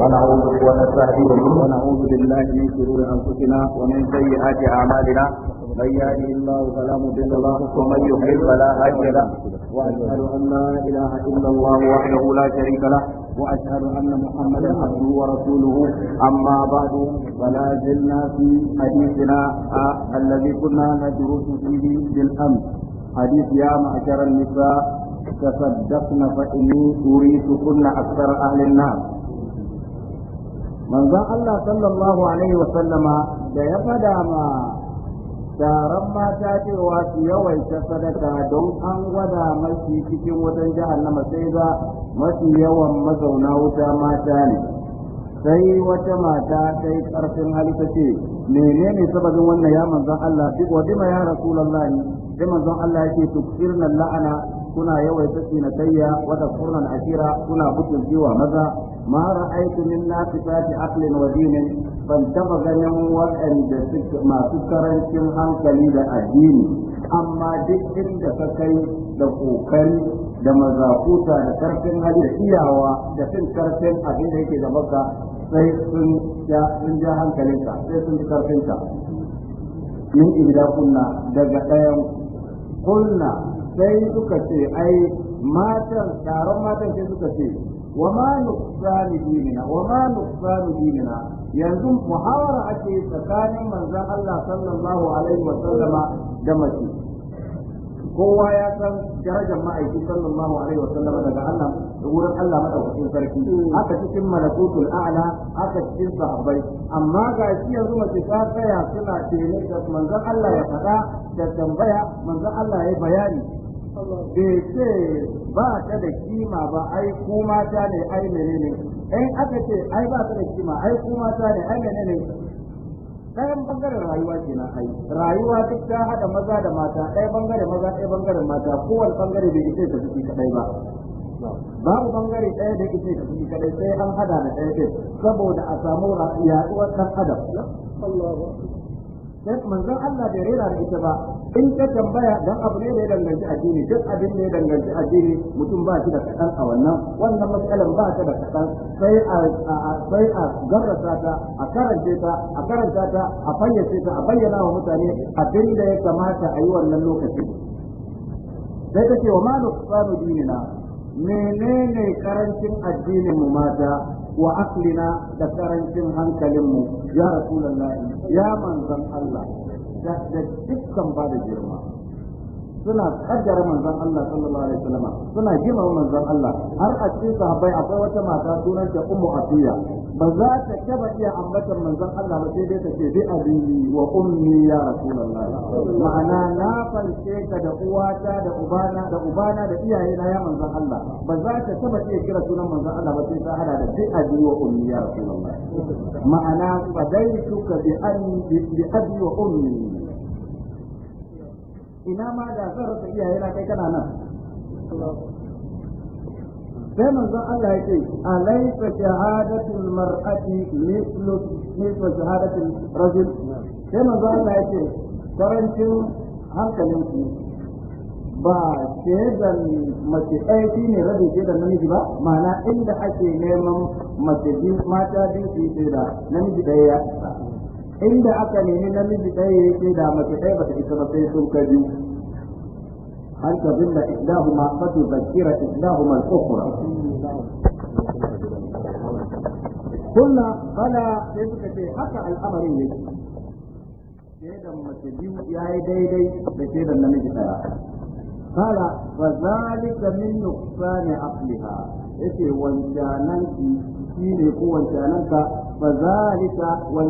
ونعوذ ونستهديه ونعوذ بالله من شرور انفسنا ومن سيئات اعمالنا من يهده الله فلا مضل له ومن يضلل فلا هادي له واشهد ان لا اله الا الله وحده لا شريك له واشهد ان محمدا عبده ورسوله اما بعد فلا زلنا في حديثنا الذي كنا ندرس فيه بالامس حديث يا معشر النساء تصدقن فاني اريدكن اكثر اهل النار manzon Allah sallallahu alaihi wa sallama da ya fada ma taron mata cewa su yawaita sadaka don an gwada mafi cikin wajen jahannama sai ga mafi yawan mazauna wuta mata ne sai wata mata sai karfin hali ta ce menene sababin wannan ya manzon Allah wa bima ya rasulullahi sai manzon Allah yake tukirna la'ana kuna yawaita sinatayya wa tafurna asira kuna butulci wa maza ما رأيت من ban عقل ودين فانتبه ganin waɗanda masu karancin hankali da addini amma duk inda ka kai da kokari da mazakuta da karfin hali da iyawa da fin karfin abin da yake gaban ka sai sun ja hankalinka sai sun ji karfinka kunna daga ɗayan kunna sai suka ce ai matan taron matan sai suka ce وما نقصان ديننا وما نقصان ديننا yanzu muhawar ake tsakanin manzon Allah sallallahu alaihi wa sallama da mace kowa ya san darajar ma'aiki sallallahu alaihi wa sallama daga Allah da wurin Allah madaukakin sarki haka cikin malakutul a'la haka cikin sahabbai amma ga shi yanzu mace ta tsaya suna tene da manzon Allah ya faɗa da tambaya manzon Allah ya bayani bai ce ba ta da kima ba ai ku mata ne ai menene in aka ce ai ba ta da kima ai ku mata ne ai menene ɗayan bangaren rayuwa ke na ai rayuwa duk ta haɗa maza da mata ɗaya bangare maza ɗaya bangaren mata kowane bangare bai ita ta ciki kaɗai ba babu bangare ɗaya da ita ta ciki kaɗai sai an haɗa da ɗaya ɗin saboda a samu yaɗuwar ɗan adam sai manzon Allah bai rera da ita ba in ta tambaya dan abu ne da ya danganci addini duk abin da ya danganci addini mutum ba shi da kadan a wannan wannan matsalan ba ta da kadan sai a sai a garrasa ta a karanta ta a karanta ta a fayyace ta a bayyana wa mutane abin da ya kamata a yi wannan lokacin. sai ta ce wa ma nuqsanu dinina menene karancin addinin mu mata wa aqlina da karancin hankalinmu ya rasulullahi ya manzon Allah da dukkan ba da girma suna kaddara manzon Allah sallallahu alaihi wasallam suna jima manzon Allah har a cikin sahabbai akwai wata mata sunan ta ummu atiya ba za ta taba iya ambatan manzon Allah ba sai dai ta ce bi abi wa ummi ya rasulullah ma'ana na falce ka da uwata da ubana da ubana da iyayena ya manzon Allah ba za ta taba iya kira sunan manzon Allah ba sai ta hada da bi abi wa ummi ya rasulullah ma'ana fadaitu ka bi an bi abi wa ummi ina ma da zan rasa iyaye na kai kana nan sai manzon Allah yake alaysa shahadatu almar'ati mithlu mithlu shahadatu rajul sai manzon Allah yake karancin hankalin ku ba shaidan mace ɗaya shi ne rabin shaidan namiji ba ma'ana inda ake neman mace biyu mata biyu su yi shaida namiji ɗaya ya isa inda aka nemi namiji ɗaya ya ke da mace ɗaya ba ta isa ba sai sun ka biyu har ta binda fa fatu zakira islahuma al-ukhra kullu bala sai suka ce haka al'amarin yake shaidan mace biyu yayi daidai da shaidan namiji ɗaya قال فذلك من نقصان عقلها yake wancananki shine ko wancananka فذلك min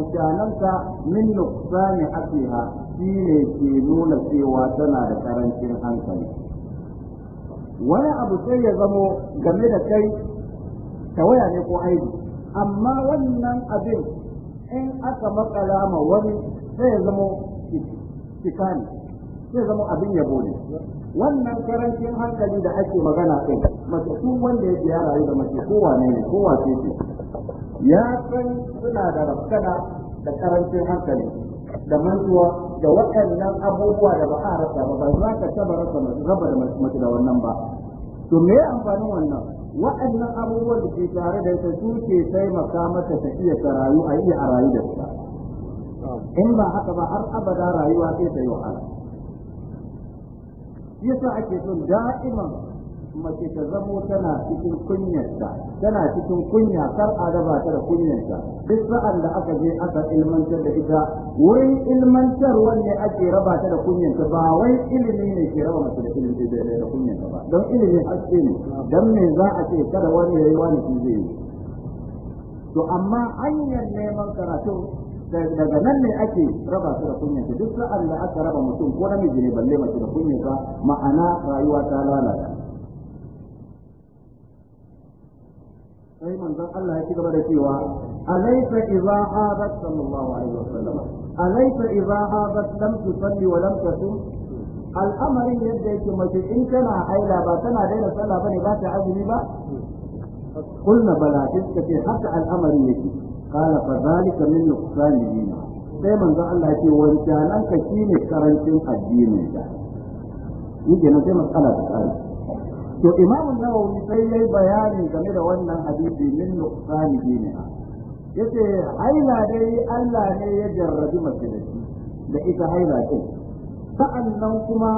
من نقصان shi shine ke nuna cewa tana da karancin hankali wani abu sai ya zamo game da kai waya ne ko aiki amma wannan abin in aka makala ma wani sai ya zamo cikani sai ya zamo abin yabo ne wannan karancin hankali da ake magana kai mace duk wanda ya biya rayu da mace kowa ne kowa ce ce ya san suna da rafkana da karancin hankali da mantuwa da waɗannan abubuwa da ba a rasa ba ba za ka taba rasa raba da mace da wannan ba to me amfani wannan waɗannan abubuwa da ke tare da ita su ke taimaka mata ta iya ta rayu a iya a rayu da ita in ba haka ba har abada rayuwa sai ta yi wahala yasa ake son da'iman mace ta zamo tana cikin kunyarta tana cikin kunya kar a raba ta da kunyarta duk sa'an da aka je aka ilmantar da ita wurin ilmantarwa ne ake raba ta da kunyarta ba wai ilimi ne ke raba mace da ilimi da kunyarta ba don ilimi haske ne don me za a ce kada wani yayi wani zai yi to amma hanyar neman karatu daga nan ne ake raba su da kunya duk sa'an da aka raba mutum ko namiji ne balle mace da kunya sa ma'ana rayuwa ta lalata sai manzon Allah ya ci gaba da cewa alaysa idza hadat sallallahu alaihi wasallam alaysa idza hadat lam tusalli wa lam tasum al'amarin yadda yake mace in tana haila ba tana daina sallah bane ba ta azumi ba kulna bala ce haka al'amarin yake قال فذلك من نقصان دينه sai manzo Allah yake wancanan ka shine karancin addinin ka ke na sai matsala ta to imam an-nawawi sai yayi bayani game da wannan hadisi min nuqsan diniha yace haila dai Allah ne ya jarrabi mace da ita haila ce sa'annan kuma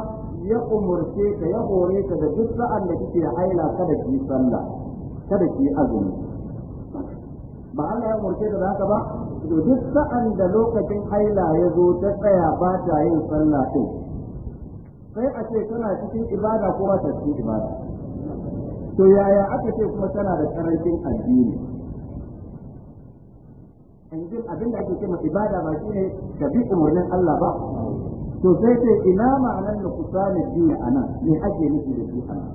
ya umurce ka ya hore ka da duk sa'an da kike haila kada ki sallah kada ki azumi ba Allah ya umarce da haka ba to duk sa'an da lokacin haila ya zo ta tsaya ba ta yin sallah din sai a ce tana cikin ibada ko ba ta cikin ibada to yaya aka ce kuma tana da karancin addini yanzu abin da ake cewa ibada ba ne da bi umarnin Allah ba to sai ce ina ma'anar da kusa ne a nan me ake nufi da shi a nan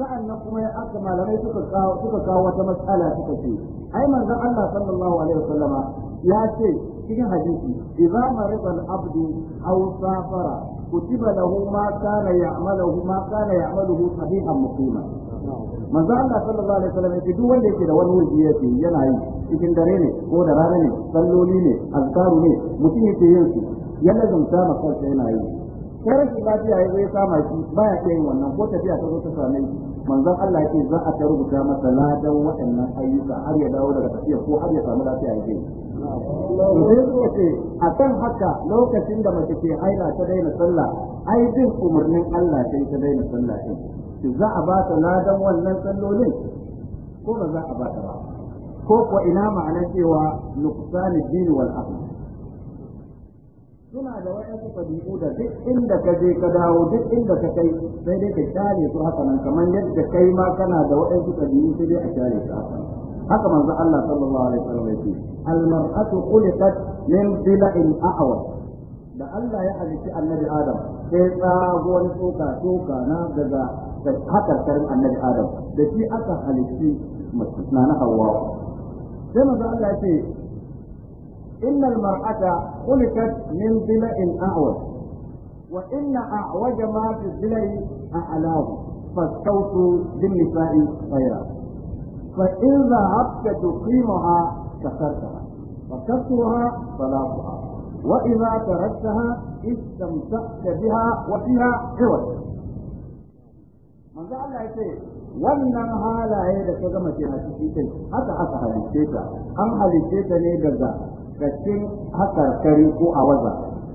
sa'annan kuma ya aka malamai suka kawo wata matsala suka ce ai manzon Allah sallallahu alaihi wasallama ya ce cikin hadisi idza marida al-abdu aw safara kutiba lahu ma kana amalahu, ma kana amalahu, sahihan muqima manzo Allah sallallahu alaihi wasallam ce duk wanda yake da wani wurdi yake yana yi cikin dare ne ko da rana ne salloli ne azkaru ne mutum yake yin su ya lazumta ma kansa yana yi sai rashin lafiya ya zo ya sama shi baya iya yin wannan ko tafiya ta zo ta same shi manzon Allah yake za a ta rubuta masa ladan waɗannan ayyuka har ya dawo daga tafiya ko har ya samu lafiya ya ce a kan haka lokacin da mace ke haila ta daina sallah ai bin umarnin Allah sai ta daina sallah din za a ba ta ladan wannan sallolin ko ba za a ba ta ba ko kuwa ina ma'anar cewa nuqsan din wal aql suna da waɗansu ɗabi'u da duk inda ka je ka dawo duk inda ka kai sai dai ka share su haka nan kamar yadda kai ma kana da waɗansu ɗabi'u sai dai a share su haka nan haka manzo Allah sallallahu alaihi wasallam yake al-mar'atu khuliqat min dila'in a'wa da Allah ya halicci annabi Adam sai tsagon tsoka tsoka na daga hakarkarin annabi Adam da shi aka halicci mace na Hawwa sai manzo Allah ya ce إن المرأة خلقت من ضلع أعوج وإن أعوج ما في الضلع أعلاه فالصوت للنساء خيرا فإن ذهبت تقيمها كسرتها وكسرها طلاقها وإذا تركتها استمتعت بها وفيها عوج manzo Allah ya ce wannan halaye da ka gama ke na cikin kai haka aka halice ta an halice ta ne daga cikin hakar hakarkari ko a waza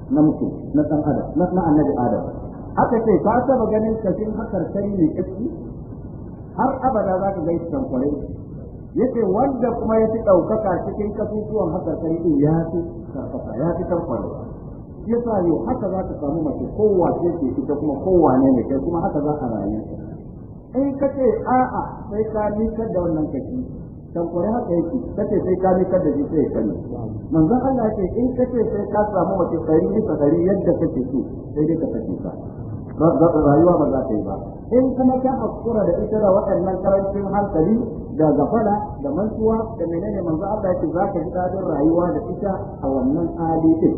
na mutum na ɗan adam na annabi adam haka ce ka saba ganin hakar hakarkari ne kiski har abada za ka gaisa Ya yace wanda kuma ya fi ɗaukaka cikin kasusuwan hakarkari ɗin ya fi karfafa ya fi ya yasa yau haka za ka samu mace kowa ce ke ita kuma kowa ne ne kai kuma haka za ka rayu in ka ce a'a sai ka nikar da wannan kashi tankwari haka yake kace sai ka mikar da shi sai ya kani manzon Allah ce in kace sai ka samu mace ɗari bisa ɗari yadda kake so sai dai ka sake ka rayuwa ba za ta yi ba in kuma ka hakura da ita da waɗannan karancin hankali da gafala da mantuwa da menene manzon Allah yake za ka ji dadin rayuwa da ita a wannan hali din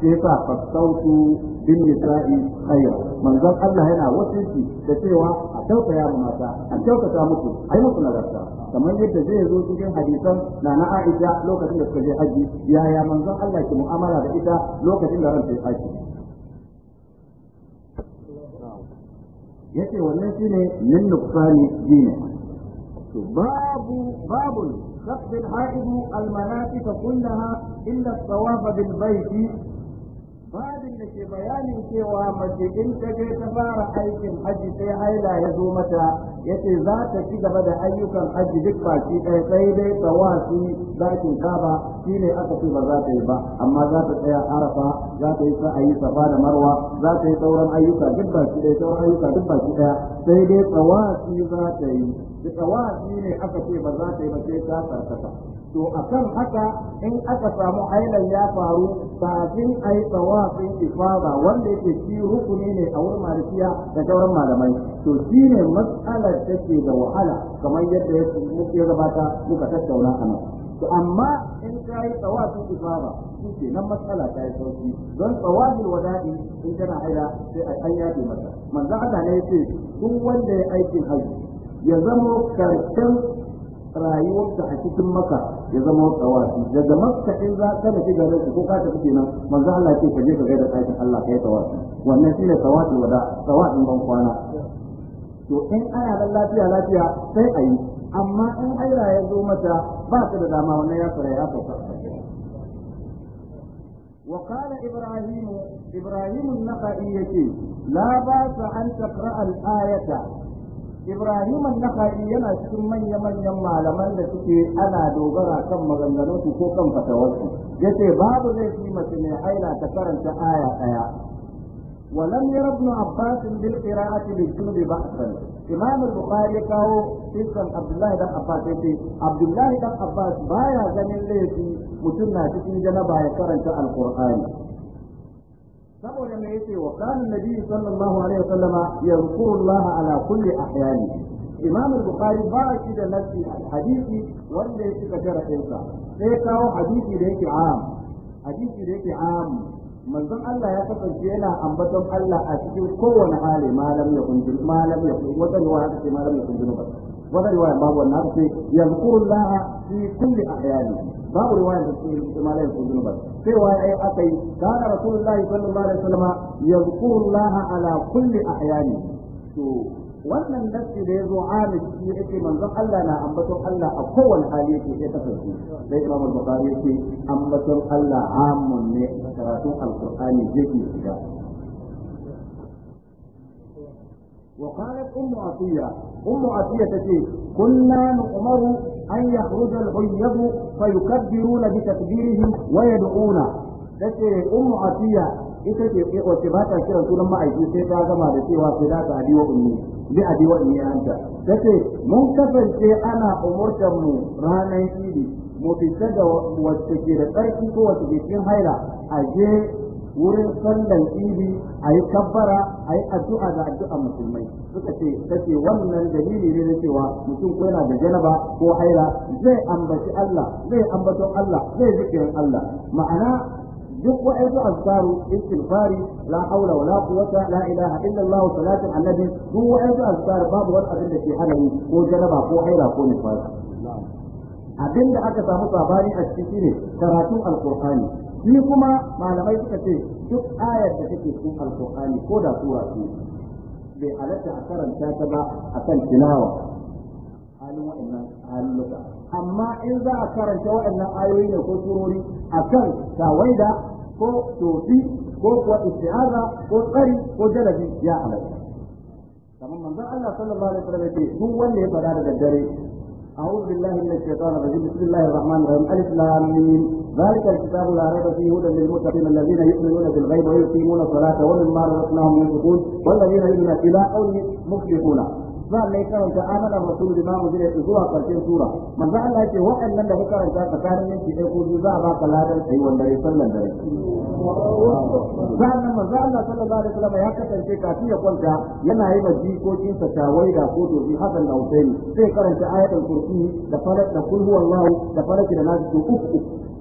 sai sa fasautu bin nisa'i khayr manzon Allah yana wasiki da cewa a tausaya mata a ta muku a yi musu nagarta kamar yadda zai zo cikin hadisan na na Aisha lokacin da suka je haji yaya manzon Allah ke mu'amala da ita lokacin da ranta ya haji yace wannan shine min nuqsani dini to babu babu شخص الحائض المناسك كلها إلا الطواف بالبيت babin da ke bayanin cewa mace in ta je ta fara aikin aji sai haila ya zo mata yace za ta ci gaba da ayyukan hajji duk baki ɗaya sai dai tawafi zakin kaba ne aka ce ba za ta yi ba amma za ta tsaya arafa za ta yi sa'ayi safa da marwa za ta yi sauran ayyuka duk baki ɗaya sauran ayyuka duk baki ɗaya sai dai tawafi za ta yi da tawafi ne aka ce ba za ta yi ba sai ta karkata to akan haka in aka samu ailan ya faru kafin a yi tsawafin ifada wanda yake shi rukuni ne a wurin malikiya da sauran malamai to shi ne matsalar take da wahala kamar yadda ya gabata muka tattauna a nan to amma in ka yi tsawafin ifada shi nan matsala ta yi sauki don tsawafin wada'i in kana haila sai a kanya yafe mata manzo Allah ne yace duk wanda ya aikin haji ya zama karshen rayuwarsa a cikin maka ya zama tsawafi daga makka in za ka tafi garin ku ko ka tafi kenan manzo Allah ce ka je ka da ɗakin Allah kai tsawafi wannan shine tsawafi wada tsawafin ban kwana to in ana nan lafiya lafiya sai a yi amma in aira ya zo mata ba ta da dama wannan ya fara ya fara وقال إبراهيم إبراهيم النخعي لا بأس أن تقرأ الآية Ibrahim Nakhai yana cikin manya-manyan malaman da suke ana dogara kan maganganunsu ko kan fatawarsu. Yace babu zai yi mace mai aina ta karanta aya ɗaya ولم ير ابن عباس بالقراءة بالجنب بأسا إمام البخاري كاو اسم عبد الله بن عباس عبد الله بن عباس بايا زمن ليسي متنا تكين جنبا يقرأ القرآن saboda me yace wa kana nabi sallallahu alaihi wasallam yazkuru a ala kulli ahyani imam al-bukhari ba shi da nafsi hadisi wanda ya ka jarabinsa sai kawo hadisi da am hadisi da am manzon Allah ya kasance yana ambaton Allah a cikin kowane hali malam ya kunji malam ya kunji wata riwaya haka ce malam ya kunji ba wata riwaya babu wannan haka ce yazkurullah fi kulli ahyani babu riwaya da ce malam ya kunji ba sai wa ai akai kana rasulullahi sallallahu alaihi wasallam yazkurullah ala kulli ahyani to wannan nasi da ya zo amis shi ya ce manzon Allah na ambaton Allah a kowane hali yake sai ta farko sai Imam al Bukhari ya ce ambaton Allah amun ne karatun alqur'ani yake shiga wa ummu ummu atiya atiya tace kunna nu'maru an تقول al نؤمر fa yukabbiruna bi takbirihim wa yad'una tace ummu atiya ita ce wacce ba ta kiran sunan ma'aiki sai ta gama da cewa sai da ta abi wa ummi bi abi wa hanta. anta ce mun kasance ana umurtar mu ranar idi mu fita da wacce ke da tsarki ko wacce ke cikin haila a je wurin sallan idi a yi kabbara a yi addu'a da addu'a musulmai suka ce wannan dalili ne na cewa mutum ko yana da janaba ko haila zai ambaci Allah zai ambaton Allah zai zikirin Allah ma'ana duk wa'ansu azkaru istighfari la haula wala quwwata la ilaha illa Allah salatu annabi duk wa'ansu azkar babu wani abin da ke hana ko jaraba ko haira ko nifas abin da aka samu sabani a ciki shine karatun alqur'ani shi kuma malamai suka ce duk ayar da take cikin alqur'ani ko da sura ce bai halatta a karanta ta ba akan tilawa halin wa'annan halin amma in za a karanta waɗannan ayoyi da ko surori kan tawaida ko tofi ko kuwa isti'aza ko tsari ko jalabi ya halatta kamar manzon Allah sallallahu alaihi wasallam yake duk wanda ya fada da daddare أعوذ بالله من الشيطان الرجيم بسم الله الرحمن الرحيم ألف لامين ذلك الكتاب لا ريب فيه هدى للمتقين الذين يؤمنون بالغيب ويقيمون الصلاة ومما رزقناهم ينفقون والذين هم إلى مفلحون za a karanta amanar rasul bima muzila zuwa karshen sura manzo Allah yake waɗannan da kuka karanta tsakanin yanki ɗaya ko za a baka ladan sai wanda ya sallan dare sannan manzo Allah sallallahu alaihi wasallam ya kasance kafin ya kwanta yana yi ma jikokinsa tawaida ko to bi hasan da Husaini sai karanta ayatul kursi da falak da kulhu wallahu da falak da nasu uku uku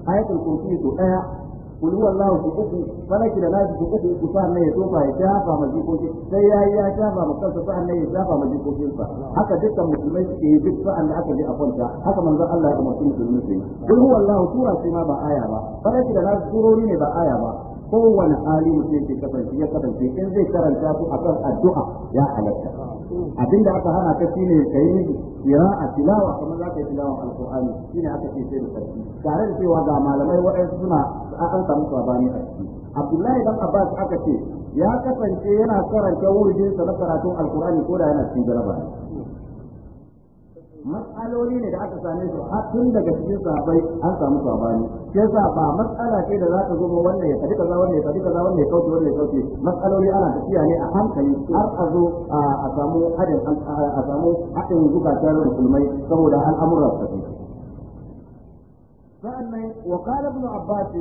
ayatul kursi to daya kul huwa Allah ku uku falaki da nasu ku uku ku sa ne ya tofa ya shafa ma jikokin sai ya yi ya shafa ma kansa sa ne ya shafa ma jikokin sa haka dukkan musulmai suke yi duk sa'an da aka je a kwanta haka manzo Allah ya umarci musulmi su yi kul huwa Allah sura ce ma ba aya ba falaki da nasu surori ne ba aya ba kowane hali mutum ke kasance ya kasance in zai karanta su akan addu'a ya halatta abin da aka hana ka shine kai a tilawa kamar za ka yi tilawa alqur'ani shine aka ce sai da sarki tare da cewa ga malamai waɗansu suna an samu sabani a ciki abdullahi dan abbas aka ce ya kasance yana karanta wurin sa na karatun Alƙur'ani ko da yana cikin jaraba matsaloli ne da aka same su har tun daga cikin sabai an samu sabani ke sa ba matsala ce da za ta zo ba wannan ya ka kaza wannan ya fadi kaza wannan ya kauce wannan ya kauce matsaloli ana tafiya ne a hankali har a zo a samu hadin a samu hadin da musulmai saboda al'amuran su sa'annan wa qala ibn abbas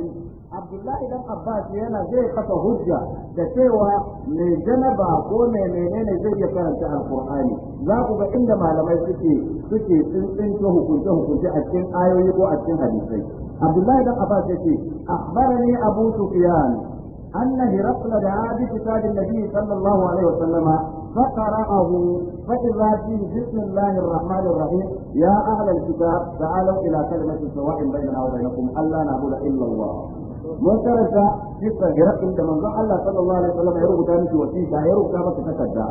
abdullahi dan abbas yana zai kafa hujja da cewa mai janaba ko mai menene zai iya karanta alqur'ani za ku ga inda malamai suke suke tsintsinto hukunce hukunce a cikin ayoyi ko a cikin hadisai abdullahi dan abbas yake akhbarani abu sufyan أن هرقل دعا بكتاب النبي صلى الله عليه وسلم فقرأه فإذا فيه بسم الله الرحمن الرحيم يا أهل الكتاب تعالوا إلى كلمة سواء بيننا وبينكم ألا نعبد إلا الله mun karanta cikin girakin da manzon Allah sallallahu alaihi wasallam ya rubuta miki wasiƙa ya rubuta maka takarda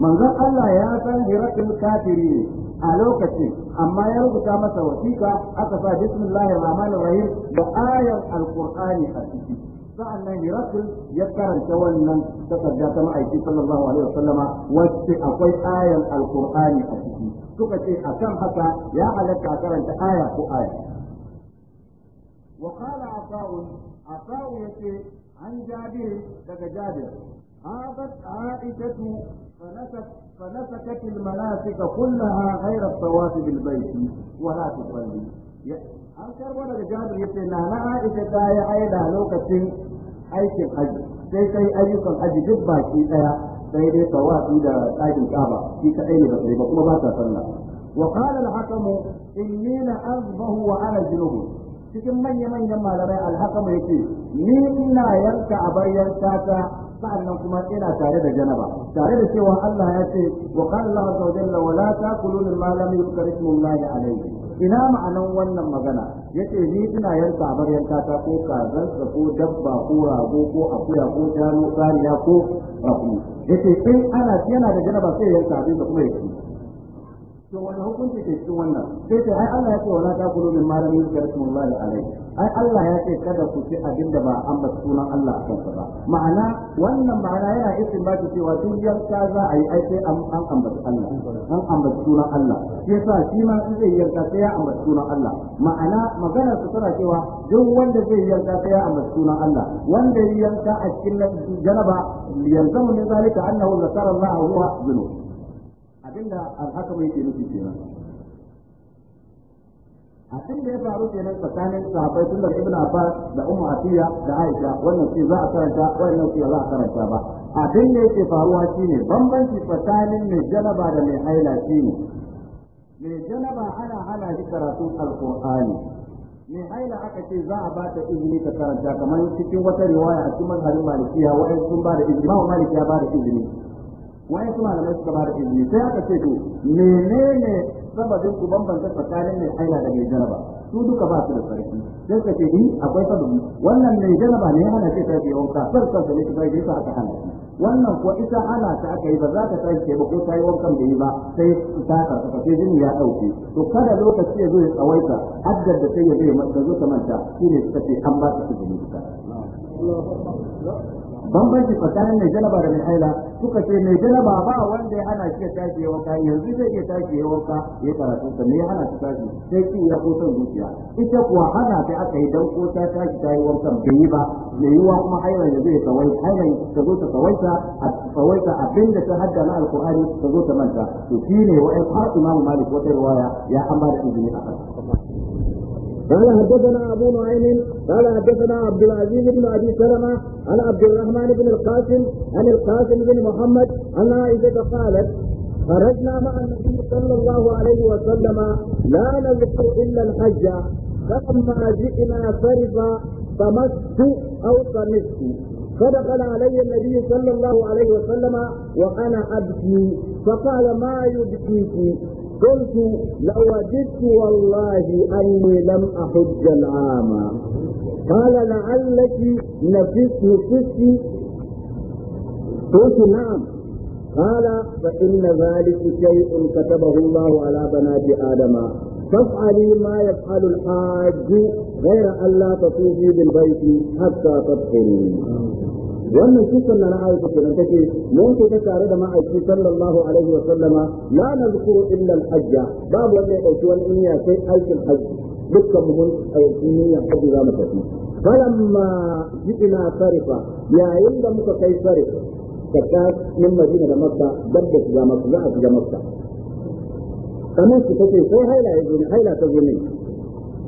manzon Allah ya san girakin kafiri ne a lokacin amma ya rubuta masa wasiƙa aka sa bismillahir rahmanir rahim da ayar alqur'ani a ciki sa'annan hirafin ya karanta wannan takarda ta ma'aiki sallallahu alaihi wasallama wacce akwai ayan alkur'ani a ciki suka ce akan haka ya halatta karanta aya ko aya wa qala asaun asaun yace an jabir daga jabir hadat aishatu fanasak فنسكت المناسك كلها su, الطواف بالبيت ولا تصلي an karbo daga jabir yace na na aisha ta yi aida lokacin aikin haji sai sai ayyukan haji duk baki daya sai dai tawafi da tsakin kaba shi kadai ne ba sai ba kuma ba ta sallah wa qala al-hakam inni la azbahu wa ana cikin manya manyan malamai al-hakam yace ni ina yanka abaryar ta sa'annan kuma ina tare da janaba tare da cewa Allah ya ce wa qala Allah azza wa jalla wa la ta'kulu mimma lam yuzkar ismullahi alayhi ina ma'anan wannan magana yace ni ina yanka bar yanka ta ko ko dabba ko rago ko akuya ko shanu tsariya ko rafu yace in ana yana da janaba sai yanka abin da kuma yake to wani hukunci ke cikin wannan sai ce ai Allah ya ce wala taqulu min malamin karatullahi alaihi ai Allah ya ce kada ku ci abin da ba an ba sunan Allah a akan ba ma'ana wannan ma'ana yana isin ba ki cewa duk yanka za a yi ai sai an ambaci Allah an ambaci sunan Allah shi yasa shi ma in zai yanka sai ya ambaci sunan Allah ma'ana magana su tana cewa duk wanda zai yanka sai ya ambaci sunan Allah wanda ya yanka a cikin janaba yanzu ne zalika annahu zakara Allah huwa zunub abinda haka mai ke nufi kenan abin da ya faru kenan tsakanin sahabbai tun daga ibn abbas da ummu atiya da aisha wannan ce za a karanta wannan ce za a karanta ba abin da yake faruwa shine bambanci tsakanin mai janaba da mai haila shine mai janaba ana hana shi karatu alqur'ani mai haila aka ce za a bata izini ta karanta kamar cikin wata riwaya a cikin mazhabin malikiya wa'in sun ba da izini ba ba da izini wani Malamai da suka ba da izini sai aka ce to menene sababin ku bambanta tsakanin mai haila da mai jaraba su duka ba su da sarki sai ka ce ni akwai sababi wannan mai jaraba ne hana ce sai yawan ka sai ka ne bai da aka hana wannan ko ita ana ta aka yi ba za ka tashi ba ko yi wankan da yi ba sai ta ka ka ce jini ya ɗauke. to kada lokaci ya zo ya tsawaita haddar da sai ya zo ya zo ta manta shine suka ce an ba su izini duka bambanci tsakanin mai janaba da mai haila suka ce mai janaba ba wanda ya hana shi ya tashi ya wanka yanzu zai iya tashi ya wanka ya karatu sa me ya hana shi tashi sai ki ya ko son zuciya ita kuwa hana ta aka yi dauko ta tashi ta yi wanka bai yi ba mai yiwa kuma hailan ya zai kawai zo ta a abin da ta hadda na alkur'ani ta zo ta manta to ne wa'ai har imamu malik wata ruwaya ya an ba da izini a kan قال حدثنا ابو نعيم قال حدثنا عبد العزيز بن ابي سلمه عن عبد الرحمن بن القاسم عن القاسم بن محمد عن عائشه قالت خرجنا مع النبي صلى الله عليه وسلم لا نذكر الا الحج فلما جئنا فرض طمست او طمست فدخل علي النبي صلى الله عليه وسلم وانا ابكي فقال ما يبكيك قلت لوجدت والله أني لم أحج العام قال لعلك نفست نفست قلت نعم قال فإن ذلك شيء كتبه الله على بنات آدم فافعلي ما يفعل الحاج غير أن لا تطوفي بالبيت حتى تطهري wannan kisan na Aisha kenan take mun ke ta tare da ma'aiki sallallahu alaihi wa sallama la nazkuru illa al-hajja babu wanda ya dauki wani niyya sai aikin hajji dukkan mu mun aiki niyya hajji za mu tafi falamma ji'na sarifa yayin da muka kai sarifa kaka min madina da makka dabba shiga makka za a shiga makka kamar su take sai haila ya zo ne haila ta zo ne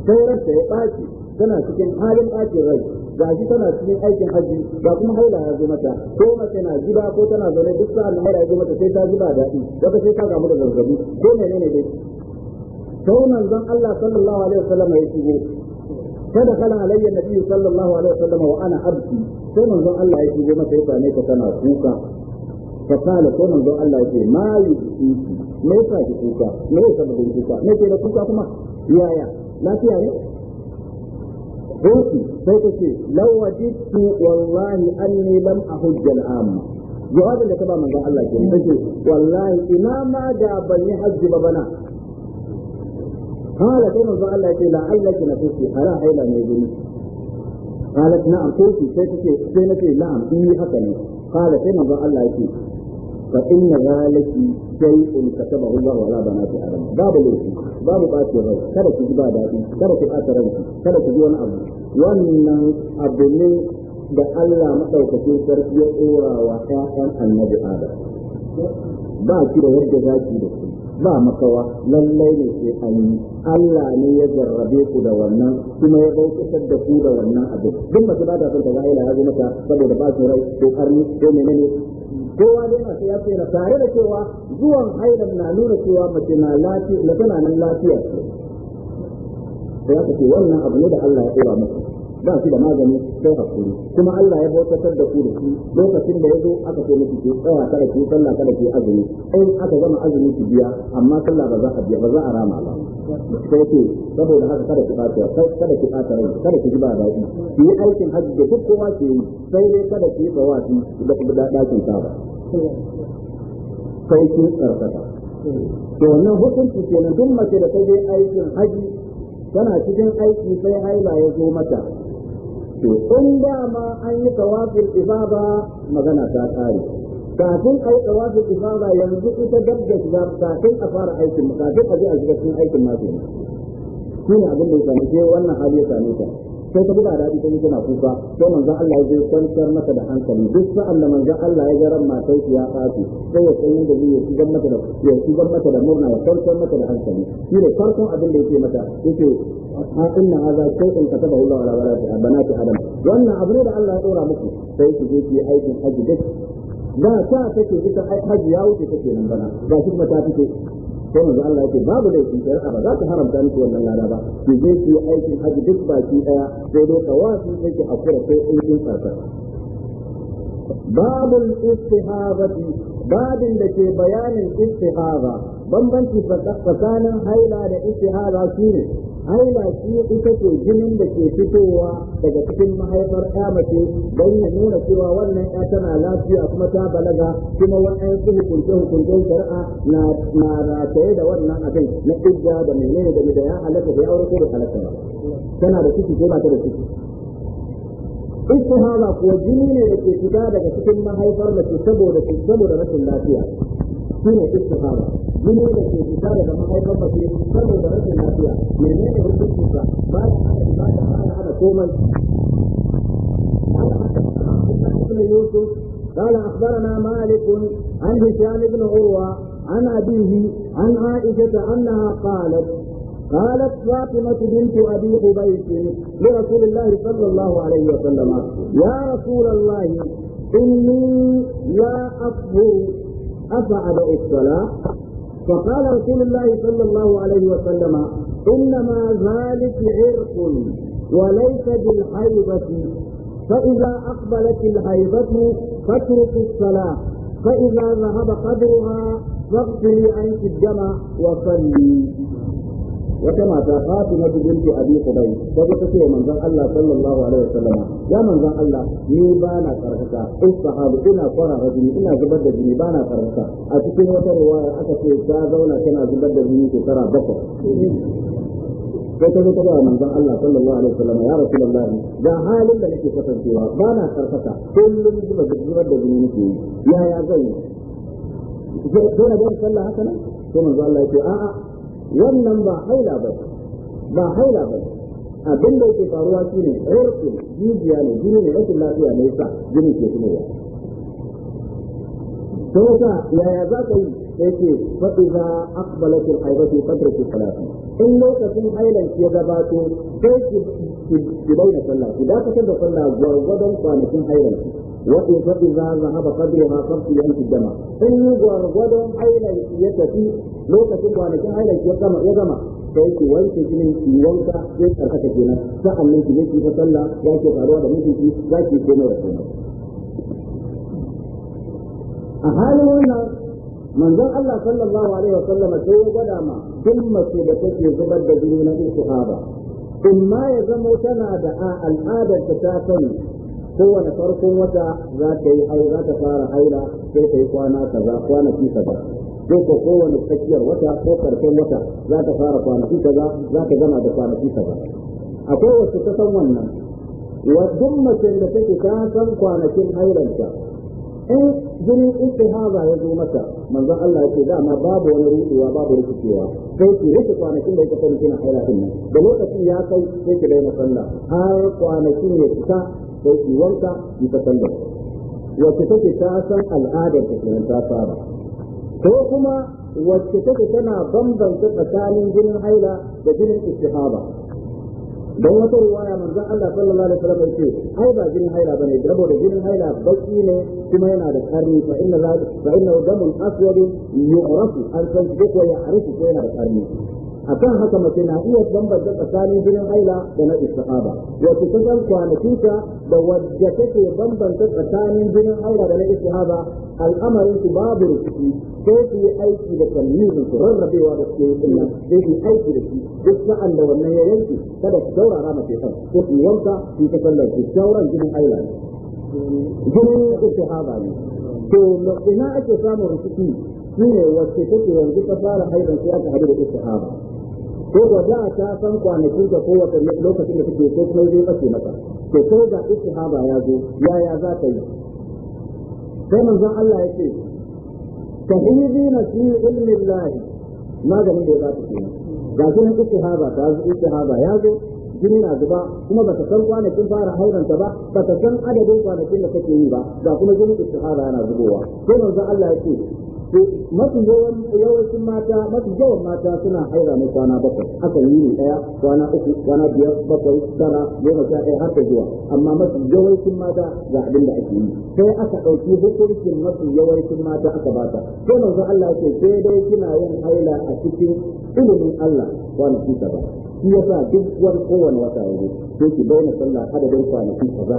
sai ranta ya ɓaci tana cikin halin ɓacin rai ga shi tana cikin aikin haji ga kuma haila ya zo mata ko mace na gida ko tana zaune duk sa'an da haila ya zo mata sai ta ji ba daɗi daga sai ta gamu da zazzabi ko ne dai sau zan Allah sallallahu alaihi wasallam ya shigo kada kana alayya nabi sallallahu alaihi wasallam wa ana abdi sai manzon Allah ya shigo mata ya same ta tana kuka kala sai manzon Allah ya ce ma yi me yasa ki kuka me yasa ki kuka me ke da kuka kuma yaya lafiya ne hoki sai ta ce lawajittu wallahi anni lam ahujj al'am jawabin da ta ba manzon Allah ke ta ce wallahi ina ma da ban yi hajji ba bana kala sai manzon Allah ce la ailaki na tuki ara haila ne gumi kala na am tuki sai ta ce sai na ce la'am in yi haka ne kala sai manzon Allah ke fa inna zalika shay'un katabahu Allah wa la banati adam babu babu ɓacin rai kada ku ji ba daɗi kada ku ɓata ranki kada ku ji wani abu wannan abu ne da Allah maɗaukacin sarki ya tsora wa ƴaƴan annabi Adam ba ki da yadda za ki da su ba makawa lallai ne sai an yi Allah ne ya jarrabe ku da wannan kuma ya bautar da ku da wannan abu duk masu ba da son ta za a yi lahazi mata saboda ba su rai ko karni ko menene kowa dai masu ya tsira tare da cewa zuwan hailan na nuna cewa mace na lafiya na tana nan lafiya ce ya ce wannan abu ne da Allah ya tsira muku ba shi da magani sai hakuri kuma Allah ya bautar da ku da shi lokacin da ya zo aka ce miki ki tsaya kada ki sallah kada ki azumi in aka gama azumi ki biya amma sallah ba za a biya ba za a rama ba sai ce saboda haka kada ki bata kada ki bata rai kada ki ji ba daɗi ki yi aikin hajji da duk kowa ke yi sai dai kada ki yi tsawafi da kuma daɗin ta ba sai ki tsarkaka to wannan hukunci kenan duk mace da ta je aikin hajji tana cikin aiki sai haila ya zo mata to in dama an yi tawafin ibada magana ta ƙare kafin a yi tsawafin ifada yanzu ita dab da shiga kafin a fara aikin kafin a je a shiga cikin aikin masu shi ne abin da ya sami sai wannan hali ya sami ta sai ta buga daɗi ta tana kuka sai manzon Allah ya je kwantar mata da hankali duk sa'an da manzon Allah ya ga ran matar ya fasu sai ya san yadda zai shiga mata da ya shiga mata da murna ya kwantar mata da hankali shi ne farkon abin da ya yake mata yake ha inna hadha shay'un kataba Allah ala banati adam wannan abu ne da Allah ya dora muku sai ki je ki aikin hajji duk da ta take ita haji ya wuce take nan bana ga shi kuma ta fice sai Allah yake babu da shi sai ba za ta haramta miki wannan lada ba ki je ki yi aikin haji duk baki daya sai dai tawafi yake kura sai in kin tsaka babul istihabati babin da ke bayanin istihaba bambanci tsakanin haila da istihaba shine haila shi ita ce jinin da ke fitowa daga cikin mahaifar ya mace don ya nuna cewa wannan ya tana lafiya kuma ta balaga kuma waɗansu hukunce hukuncen shari'a na na rataye da wannan abin na idda da menene da da ya halaka da ya aure ko da halaka ba tana da ciki ko ba ta da ciki istihaba ko jini ne da ke fita daga cikin mahaifar mace saboda saboda rashin lafiya shine istihaba jini da ke fita daga mahaifar mace saboda rashin lafiya komai يوسف قال أخبرنا مالك عن هشام بن عروة عن أبيه عن عائشة أنها قالت قالت فاطمة بنت أبي قبيس لرسول الله صلى الله عليه وسلم يا رسول الله إني لا أطهر أفعل الصلاة فقال رسول الله صلى الله عليه وسلم إنما ذلك عرق وليس بالحيضة فإذا أقبلت الحيضة فاترك الصلاة فإذا ذهب قدرها فاغسلي أنت الدم وصلي وكما فاطمة بنت أبي قبيس تجد في من ذا الله صلى الله عليه وسلم يا من ذا الله نيبانا كرهتا الصحاب إنا قرى رجلي إنا زبد جنيبانا كرهتا أتكين وترواية أتكين تازونا كنا زبد جنيبانا كرهتا sai ta zo ta gaya manzon Allah sallallahu alaihi wasallam ya rasulullah Da halin da nake kasancewa ba na karfata kullum zuba da zubar da jini nake yi yaya zan yi sai na ga sallah haka nan sai manzon Allah ya ce a'a wannan ba haila ba ba haila ba abin da yake faruwa shine irkin jijiya ne jini ne rashin lafiya ne yasa jini ke kuma ya sai yasa yaya za ka yi yake fa idza aqbalat al haidatu fatratu salati in lokacin hailan ya gabato sai ki sallah ki dakatar da sallah gwargwadon kwanakin hailan wa in in gwargwadon hailan ya tafi lokacin kwanakin hailan ya gama ya gama sai ki wanke shi ne ki wanka sai karkata sa'annan ki ki fa sallah ya ke faruwa da mijinki za ki da komai a halin wannan manzon Allah sallallahu alaihi wa sallama sai ya gwada ma duk mace da take zubar da jini na istihaba in ma ya zamo tana da al'adar ta ta sani kowane farkon wata za ta yi ai za ta fara haila sai ta yi kwana kaza kwanaki kaza sai ko kowane tsakiyar wata ko karshen wata za ta fara kwanaki kaza za ta gama da kwanaki kaza akwai wasu ta san wannan wa duk mace da take ta san kwanakin hailanta in jinin istihaba ya zo maka manzon Allah ya ce dama babu wani rudewa babu rikicewa sai ki rike kwanakin da yake sani kina haila din nan da lokacin ya kai sai ki daina sallah har kwanakin ya fita sai ki wanka ki ta sallah wacce take ta san al'adar ta kenan ta fara ko kuma wacce take tana bambanta tsakanin jinin haila da jinin istihaba don wata ruwaya manzon Allah sallallahu alaihi wasallam yace ai ba jinin haila bane saboda jinin haila baki ne kuma yana da karni fa inna za fa inna damun aswad an san ya arifu ko yana da karni akan haka mace na iya bambanta tsakanin jinin haila da na istihaba wato kusan kwanakin ta da wadda take bambanta tsakanin jinin haila da na istihaba al'amarin su babu rufi sai su yi aiki da kalmihin su rarrabewa da suke yi nan sai su yi aiki da shi duk sa'an da wannan ya yanke kada su saurara mace kan ko su wanka su ta sallar su sauran jinin haila ne jinin istihaba ne to ina ake samun rufi shine wacce take yanzu ta fara haidan sai aka hadu da istihaba ko da za ta san kwanakin ka ko wata lokacin da kake ko kuma zai kace maka to sai ga istihaba ya zo yaya za ka yi sai manzon Allah ya ce tahidina fi ilmi na maganin da za ta ce ga jinin istihaba ta zo istihaba ya zo jini na zuba kuma ta san kwanakin fara hauranta ba ta san adadin kwanakin da kake yi ba ga kuma jinin istihaba yana zubowa sai manzon Allah ya ce ko mafi yawan yawancin mata mafi yawan mata suna haira na kwana bakwai haka ne daya kwana uku kwana biyar bakwai tara goma sha ɗaya har zuwa amma mafi yawancin mata ga abin da ake yi sai aka ɗauki hukuncin mafi yawancin mata aka ba ta sai manzo Allah yake sai dai kina yin haila a cikin ilimin Allah kwanaki ba shi yasa duk wani kowane wata yanzu sai ki bayyana sallah adadin kwanaki kaza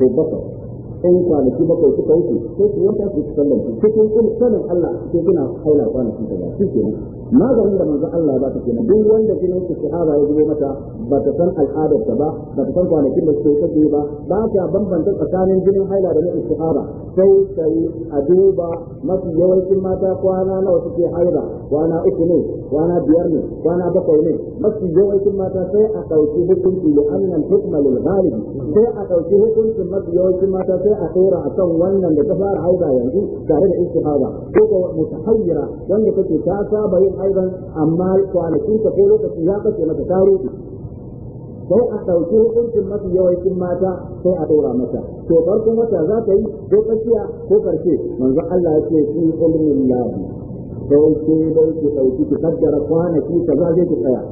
sai bakwai in kwanaki bakwai suka wuce sai su yanka su su sallan cikin sanin Allah sai kuna haila kwanaki da su ke nan maganin da manzo Allah ba ta kenan duk wanda jinin su sahaba ya zubo mata ba ta san al'adar ta ba ba ta san kwanakin da suke kake ba ba ta bambanta tsakanin jinin haila da na istihaba sai sai a duba mafi yawancin mata kwana nawa suke haila kwana uku ne kwana biyar ne kwana bakwai ne mafi yawancin mata sai a ɗauki hukunci da annan hikma lil sai a ɗauki hukuncin mafi yawancin mata sai a tsora a kan wannan da ta fara haida yanzu tare da istihaba ko ko mutahayyira wanda kake ta saba yin aiban amma kwanakin ka ko lokaci ya kace mata ta sai a ɗauki hukuncin mafi yawancin mata sai a ɗora mata to farkon wata za ta yi ko tsakiya ko ƙarshe manzo Allah ya ce fi ilmin lahi sai ke dai ki ɗauki ki kaddara kwanaki kaza zai ki tsaya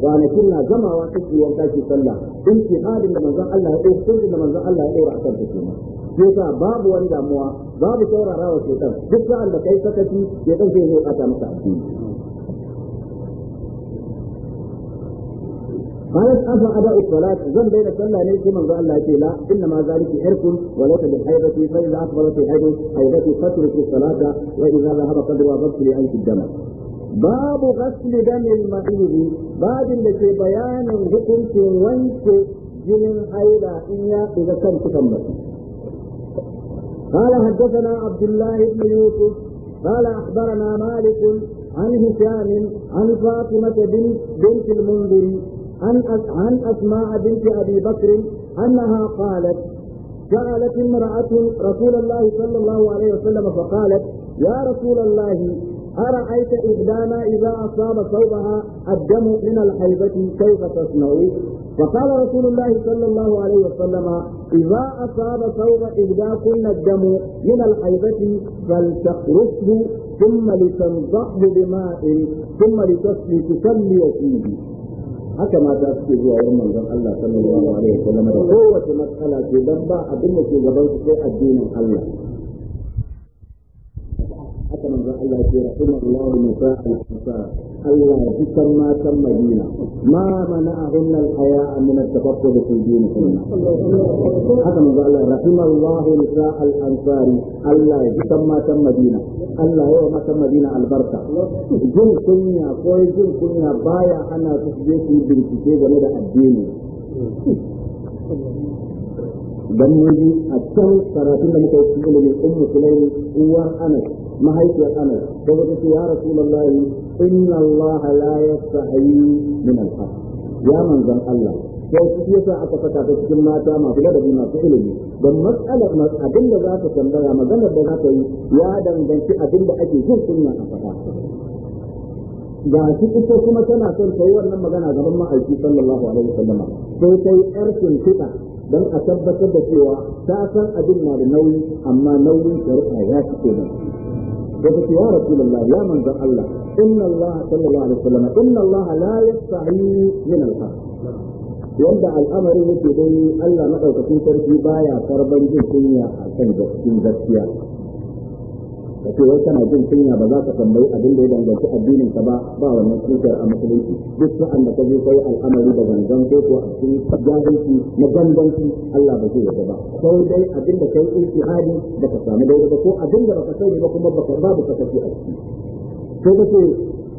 kwanakin na gamawa kake wanka ki sallah in ki halin da manzon Allah ya ɗauki sirrin da manzon Allah ya ɗora akan ta kenan sai ka babu wani damuwa babu saurarawa shaitan duk sa'an da kai sakaci ya ɗauke ne ya ɓata maka addini ويسقط أداء الصلاة زن بين أن نيتي من قال الله لا إنما ذلك عرق وليس بالحيضة فإذا أقبلت الحيض حيضتي فترك الصلاة وإذا ذهب قدرها فاغسل أنت الدم باب غسل دم المريض بعد اللي بيان في وانت جن حيلة إن إذا كان تكمل قال حدثنا عبد الله بن يوسف قال أخبرنا مالك عن هشام عن فاطمة بنت بنت المنذر عن عن أسماء بنت أبي بكر أنها قالت سألت امرأة رسول الله صلى الله عليه وسلم فقالت يا رسول الله أرأيت إحدانا إذا أصاب ثوبها الدم من الحيضة كيف تصنع؟ فقال رسول الله صلى الله عليه وسلم إذا أصاب ثوب إحداكن الدم من الحيضة فلتخرجه ثم لتنضح بماء ثم لتسلي فيه haka mata suke zuwa wurin manzon Allah sallallahu alaihi wasallam da kowace matsala ce dan ba abin da ke gaban su sai addinin Allah haka manzon Allah ya ce rahimallahu nisa al-ansar Allah ya fitar matan Madina ma mana ahunna al-haya min at-tafaqquh fi din haka manzo Allah rahimallahu nisa al'ansari, Allah ya fitar matan Madina Allah ya matan Madina albarka jin kunya ko jin kunya baya ana su je su bincike game da addini dan mun a can karatun da muka yi cikin ilimin ummu sulaimi uwar anas mahaifiyar anas da wata ce ya rasulullahi inna allaha la yastahi min al ya manzon Allah sai shi yasa aka saka ta cikin mata masu ladabi masu ilimi don matsalar abin da za ka tambaya maganar da za ka yi ya danganci abin da ake jin kunya a faɗa ga shi kuka kuma tana son ta yi wannan magana gaban ma'aiki sallallahu alaihi wasallam sai ta yi yar tuntuɓa don a tabbatar da cewa ta san abin na da nauyi amma nauyin shari'a ya ci kenan. Wata ce ya Rasulallah ya manzon Allah inna Allah sallallahu alaihi wasallam inna Allah la yastahi min al-haq yanda al'amari yake dai Allah madaukakin sarki baya karban jin kunya a kan gaskiya da ce wai kana jin kunya ba za ka tambayi abin da ya danganci addinin ka ba ba wannan cutar a musulunci duk sa'an da ka je kai al'amari da gangan ko ko a cikin jahilci na ganganci Allah ba zai yi ba sai dai abin da kai ijtihadi da ka samu dai ba ko abin da baka sani ba kuma baka babu ka tafi a ciki sai ta ce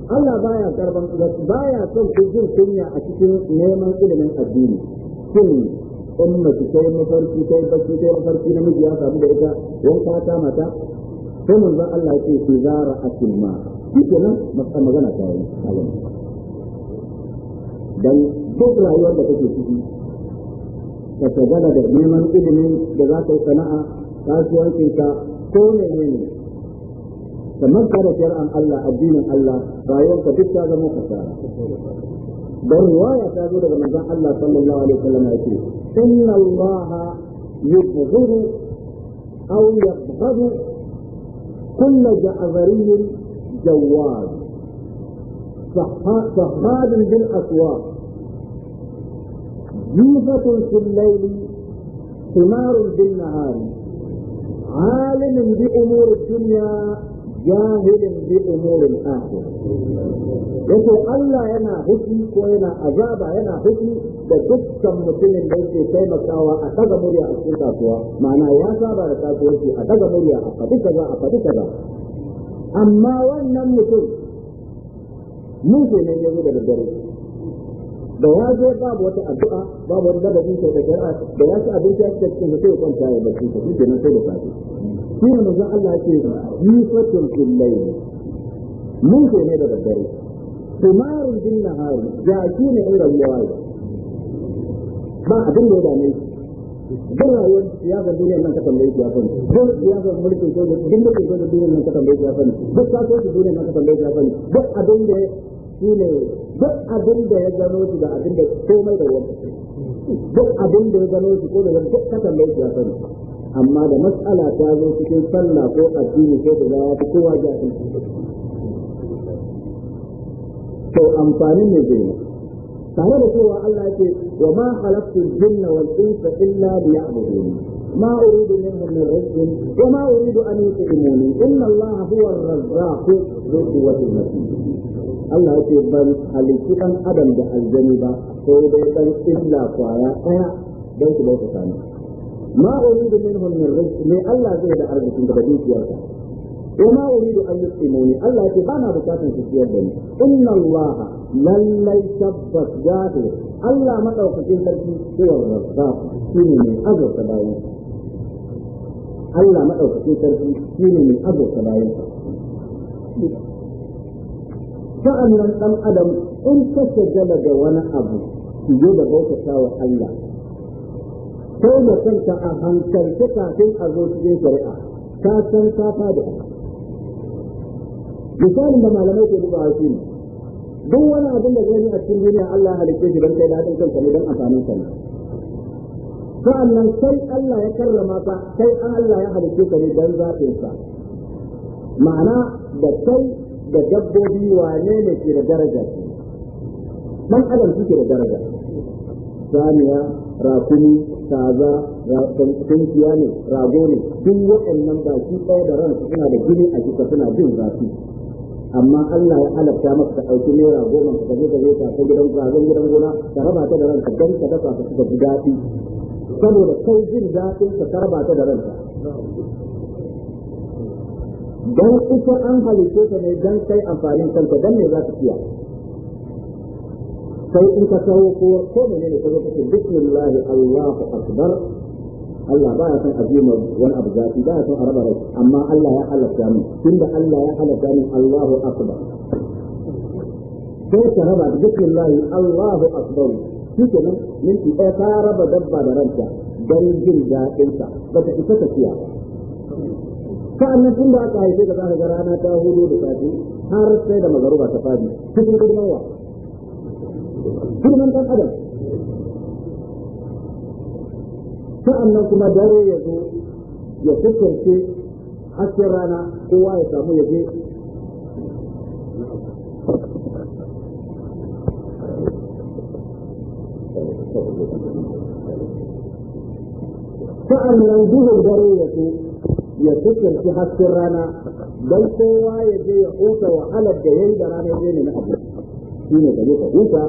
Allah baya karban baya son ku jin kunya a cikin neman ilimin addini shin in mace kai mafarki kai bacci kai mafarki na miji ya samu da ita wanka ta mata sai manzon Allah ya ce ki zara akin ma kike nan masa magana ta yi dan duk rayuwar da kake ciki ka shagala da neman ilimin da za ka yi sana'a kasuwancinka ko menene فمن كان شرعا الله الدين الله فايوم كتبت هذا مو خساره بل رواية تقول من الله صلى الله عليه وسلم يقول إن الله يبغض أو يبغض كل جعبري جواد صحاب بالأسواق جيفة في الليل ثمار بالنهار عالم بأمور الدنيا jahilin bi umurin akhir yace Allah yana hukunci ko yana azaba yana hukunci da dukkan mutumin da yake taimakawa a daga murya a cikin kasuwa ma'ana ya saba da kasuwanci a daga murya a faɗi kaza a faɗi kaza amma wannan mutum mun ne ya zo da daddare da ya zo babu wata addu'a babu wani ladabi ko da shari'a da ya ci abinci a ci cikin sai ya kwanta ya bacci ta shi kenan sai da safe shi ne manzon Allah ya ce yufatun fil mun ce ne da daddare tumarun din ya jaki ne in rayuwa ba abin da ya dame shi duk rayuwar siyasar duniyar nan ka tambaye shi ya sani duk siyasar mulkin soja duk mulkin soja duniyar nan ka tambaye shi ya sani duk kasuwancin duniyar nan ka tambaye shi ya sani duk abin da shi ne duk abin da ya gano shi da abin da komai da wani duk abin da ya gano shi ko da duk ka tambaye shi ya sani amma da matsala ta zo cikin sallah ko addini ko sai ka ga ya fi a jaɗi to amfanin ne zai tare da cewa Allah ce wa ma khalaqtu al-jinna wal insa illa liya'budun ma uridu minhum min rizqin wa ma uridu an yut'imuni inna Allah huwa ar-razzaq dhu quwwatin matin Allah ce ban halittu dan adam da aljani ba ko dai dan illa kwaya daya dan su bauta sani ma uridu minhum min rizq me Allah zai da arzikin daga dukiyarsa wa ma uridu an yusimuni Allah yake bana bukatun su ciyar da ni inna lallai tabbas jahu Allah madaukakin sarki cewa razzaq shine mai azurta bayan Allah madaukakin sarki shine mai azurta bayan sa'an nan dan adam in saka shagala da wani abu ki da bautata wa Allah sai da kanka a hankalce kafin a zo cikin shari'a ka san ka fada misalin da malamai ke duba shi ne duk wani abin da gani a cikin duniya Allah ya halitta shi ban kai da haɗin kanka ne don amfanin ka ne sa'annan sai Allah ya karrama ka sai Allah ya halitta ka ne don zafin sa ma'ana da kai da dabbobi wane ne ke da daraja dan adam suke da daraja saniya rakumi kaza tunkiya ne rago ne duk waɗannan baki ɗaya da ransu suna da gini a jika suna jin zafi amma Allah ya halatta maka ka ɗauki naira goma ka je ka je ka gidan gazon gidan gona ka raba ta da ranka don ka dafa ka suka ji daɗi saboda kai jin daɗin ka ka raba ta da ranka don ita an halitta ta ne don kai amfanin kanka don me za ka siya سيئن تسوقوا كمن يحذفك بسم الله الله أكبر الله باية أجيم والأبزات باية أربع رجل أما الله يا حلف جامي سنب الله يا حلف جامي الله أكبر كيف هذا بسم الله الله أكبر سيكون من إتارة دبا درمسة دل جلدة إنسا بس إتسا فيها كأن سنب أكاي سيكون هذا جرانا تاهولو بساتي هارس سيدا مغروبة سفادي كيف يكون الله girman ɗan adam sa'annan kuma dare ya zo ya kasance hasken rana kowa ya samu ya je sa'annan duhun dare ya zo ya kasance hasken rana don kowa ya je ya huta wahalar da yayi da rana ya je ne na abu shi ne kaje ka huta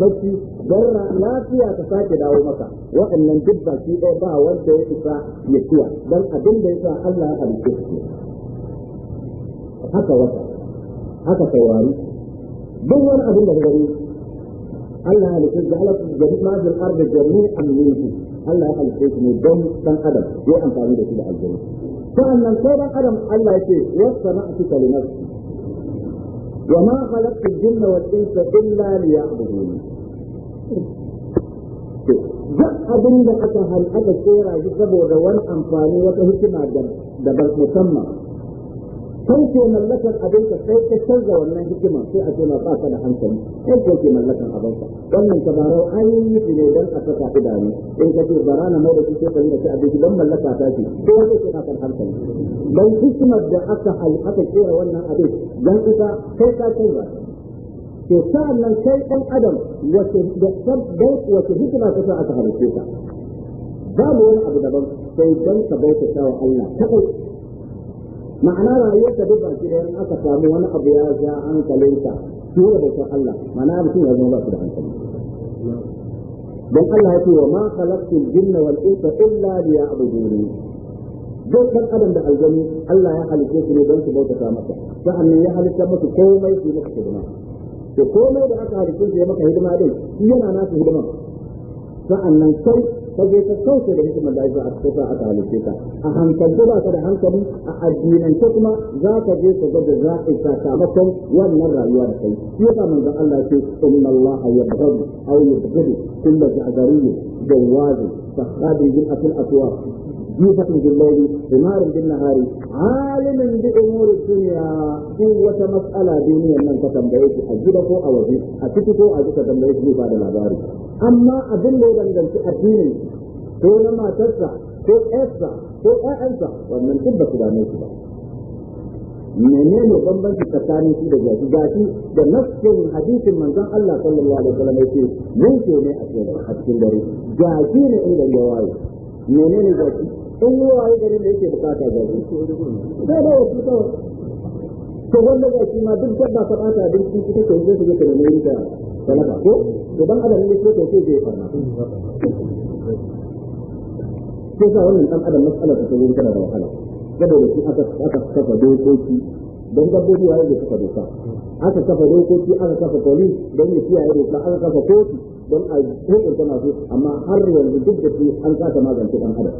bacci barra lafiya sake dawo maka waɗannan duk baki ɗaya ba wanda ya isa ya ciya don abin da ya sa Allah ya halitta su haka wata haka duk wani abin da Allah ya halitta Allah Allah ya halitta su ne don dan adam ya amfani da shi da aljanna sai dan adam Allah ya ce wasana su kalimatu وما خلقت الجن والانس الا ليعبدون جاء هذا السيره يكتب ودوان امثاله وكهتما دبلت مسمى kai ke mallakar abin ka sai ka canza wannan hikima sai a tona ba ka da hankali kai ko ke mallakar abin ka wannan tabarau an yi shi ne dan a saka idanu in ka ce bara na mai da shi sai ka rinka ci abinci dan mallaka ta ce ko wanda ke ka hankali dan hikimar da aka hayi aka kera wannan abin dan ita kai ka canza to sa'an nan kai dan adam wace da sabbin wace hikima ta sa aka halice ka mu wani abu daban sai dan ka bauta wa Allah ta ma'ana rayuwar ta duk baki ɗaya aka samu wani abu ya ja hankalinka tura da ta Allah ma'ana mutum ya zama ba su da hankali don Allah ya ce wa ma khalaqtul jinna wal insa illa liya'buduni duk kan adam da aljani Allah ya halice su ne don su bauta ta masa sa'annan ya halitta musu komai su maka hidima to komai da aka halice su ya maka hidima din yana nasu hidima sa'annan kai ko zo ta kauce da hikimar da aka a sa aka ka a hankalce ba ka da hankali a addinance kuma za ka je ka ga da za ka sakamakon wannan rayuwa da kai shi yasa manzon Allah ce inna Allah yabghadu aw yabghadu kullu ja'dariyyin jawazin sahabin bil asl nan يوسف بالليل ثمار a عالم ko a waje a دينية ko a أجدك أو tambaye أجدك تنبئك بعد labari. amma abin da ya danganci addinin ko na matarsa ko ƴarsa ko ƴaƴansa wannan duk ba su dame su ba menene bambanci tsakanin shi da gashi gashi da nassin hadisin manzon Allah sallallahu alaihi wasallam yake yanke ne a cikin dare gashi ne inda ya waye menene gashi in ya waye gari da yake bukata gashi sai da wasu kawai to wanda gashi ma duk da ba ta bata abinci kike ko zai ta nemi da talaka ko to dan adam ne ko sai zai farma ko sa wannan dan adam mas'alar ta zo tana da wahala saboda shi aka aka kafa dokoki don dabbobi waye da suka doka aka kafa dokoki aka kafa police don ya kiyaye doka aka kafa kotu don a hukunta masu amma har yanzu duk da su an kasa magance dan adam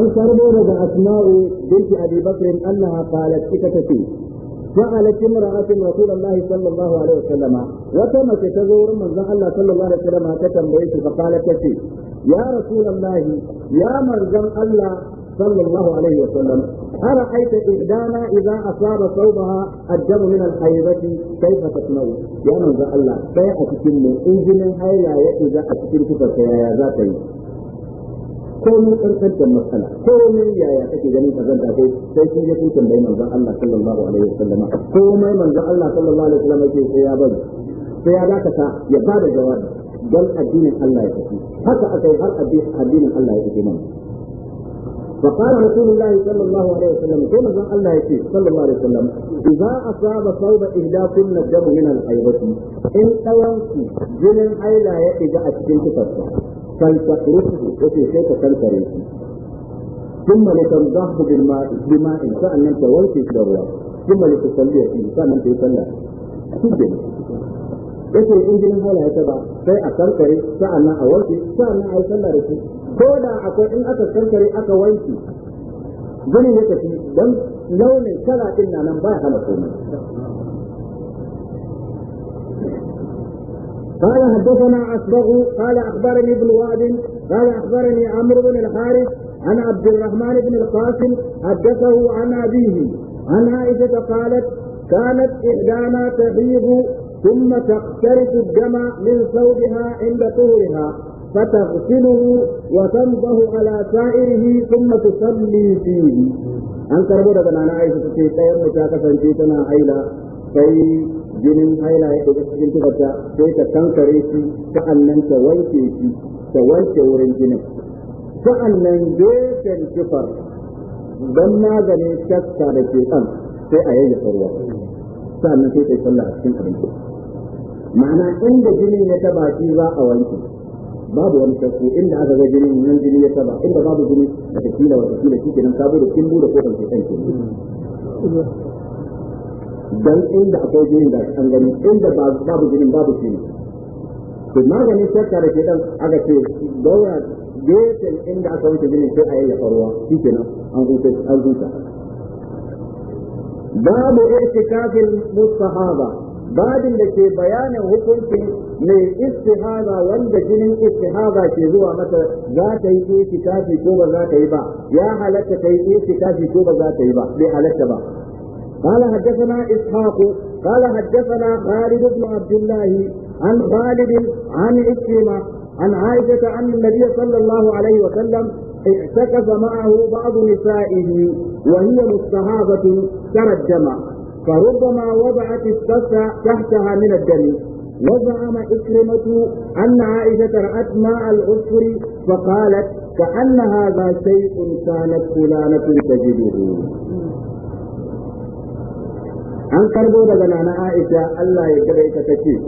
an karbo daga asma'u binti abi bakr annaha qalat kitata fi sa'alat imra'atun rasulullah sallallahu alaihi wasallam wa kama ta tazo wurin manzon Allah sallallahu alaihi wasallam ta tambaye shi fa qalat kitati ya rasulullah ya manzon Allah sallallahu alaihi wasallam ara'aita idana idza asaba sawbaha ajabu min al-hayrati kayfa tasma'u ya manzon Allah kai a cikinmu mu injinin haila ya idza a cikin kuka ya za ta yi komai kankantar matsala komai yaya kake ganin kazanta ko sai sun je kun tambayi manzon Allah sallallahu alaihi wasallama komai manzon Allah sallallahu alaihi wasallama ke sai ya bari sai ya dakata ya ba da jawabi dan addinin Allah ya tafi haka akai har addinin Allah ya tafi mana فقال رسول الله صلى الله عليه وسلم كما الله يكي صلى الله عليه وسلم إذا أصاب صوب إهداكن الدم من الحيضة إن تيمتي جنن أي لا يأتي جاءت فلتقرصه وفي كيف تنكره ثم لتنضحه بالماء بماء فأنا ثم لتصلي فيه انت يصلى كده yace in jinin halaye ta ba sai a karkare sa'annan a wanke sa'annan a yi sallah da shi ko da akwai in aka karkare aka wanke jinin ya tafi don launin kala din nan baya hana komai قال حدثنا أصبغ قال أخبرني ابن واد قال أخبرني عمرو بن الحارث عن عبد الرحمن بن القاسم حدثه عن أبيه عن عائشة قالت كانت إحدانا تغيب ثم تقترف الدم من ثوبها عند طهرها فتغسله وتنضه على سائره ثم تصلي فيه. أنكر بودا عائشة في طيب، خير مشاكسة تنا عيلا كي طيب. jinin haila ya ɗauki cikin tufarta sai ta kankare shi sa'an nan ta wanke shi ta wanke wurin jinin nan gefen tufar don maganin shakka da ke kan sai a yayyafa ruwa nan sai ta yi sallah a cikin abinci ma'ana inda jinin ya taba shi za a wanke babu wani shakku inda aka ga jinin nan jini ya taba inda babu jini da ta kila wata kila shi kenan ka bude kin bude kofar ke kan ke dan inda akwai jini da an gani inda babu jini babu shi to maganin shakka da ke dan aka ce daura gefen inda aka wuce jini sai a yayyafa ruwa shikenan an huta an huta babu i'tikafil mustahaba babin da ke bayanin hukuncin mai istihaza wanda jinin istihaza ke zuwa mata za ta yi itikafi ko ba za ta yi ba ya halatta ta yi itikafi ko ba za ta yi ba bai halatta ba قال حدثنا اسحاق قال حدثنا خالد بن عبد الله عن خالد عن عكرمة عن عائشة أن النبي صلى الله عليه وسلم اعتكف معه بعض نسائه وهي مستهابة ترجم فربما وضعت السفة تحتها من الدم وزعم إكرمة أن عائشة رأت ماء العصفر فقالت كأن هذا شيء كانت فلانة تجده an karbo daga nana Aisha Allah ya gare ta take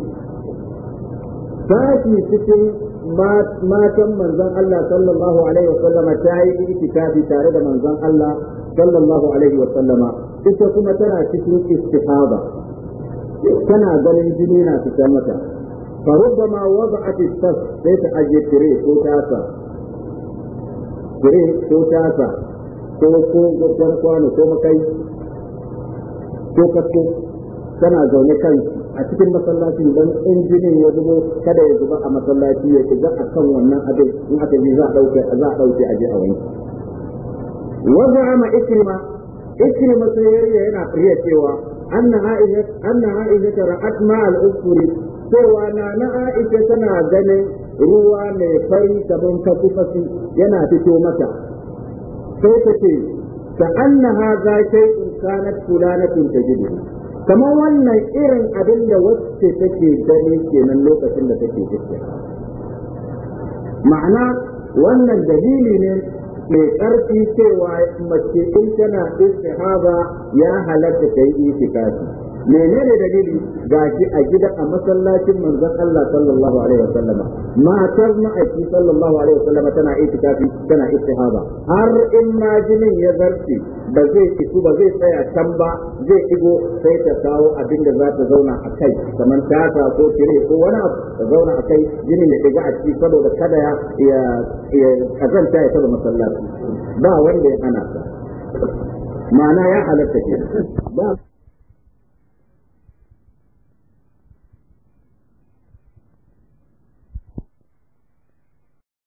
sashi cikin matan manzon Allah sallallahu alaihi wa sallama ta yi itikafi tare da manzon Allah sallallahu alaihi wa sallama ita kuma tana cikin istihaba tana ganin jini na fitar mata فربما وضعت الصف بيت أجي تري ko tasa تري ko tasa ko ko gwagwar kwano ko makai ko kasko tana zaune kan a cikin masallaci don injinin ya zubo kada ya zuba a masallaci ya shiga a kan wannan abin in aka yi za a ɗauke za a ɗauke a je a wani ama ikirma, ikirma sai yana riya cewa an na anna ta ra'at ma ukuri cewa na na aisha tana ganin ruwa mai fari gaban kafufasi yana fito mata sai ta ce ta an za shay'un kanat fulanatun tajidu kamar wannan irin abin da wacce take gani kenan lokacin da take gaskiya ma'ana wannan dalili ne mai ƙarfi cewa mace in tana istihaba ya halatta ta yi itikafi menene dalili gashi a gida a masallacin manzon Allah sallallahu alaihi wasallam matar ma'aiki sallallahu alaihi wasallam tana itikafi tana istihaba har in ma jinin ya zarti ba zai isu ba zai tsaya can ba zai igo sai ta kawo abinda za ta zauna a kai kamar tata ko kire ko wani abu ta zauna a kai jinin ya diga a ciki saboda kada ya ya kazanta ya saba masallaci ba wanda ya hana ta ma'ana ya halatta ke ba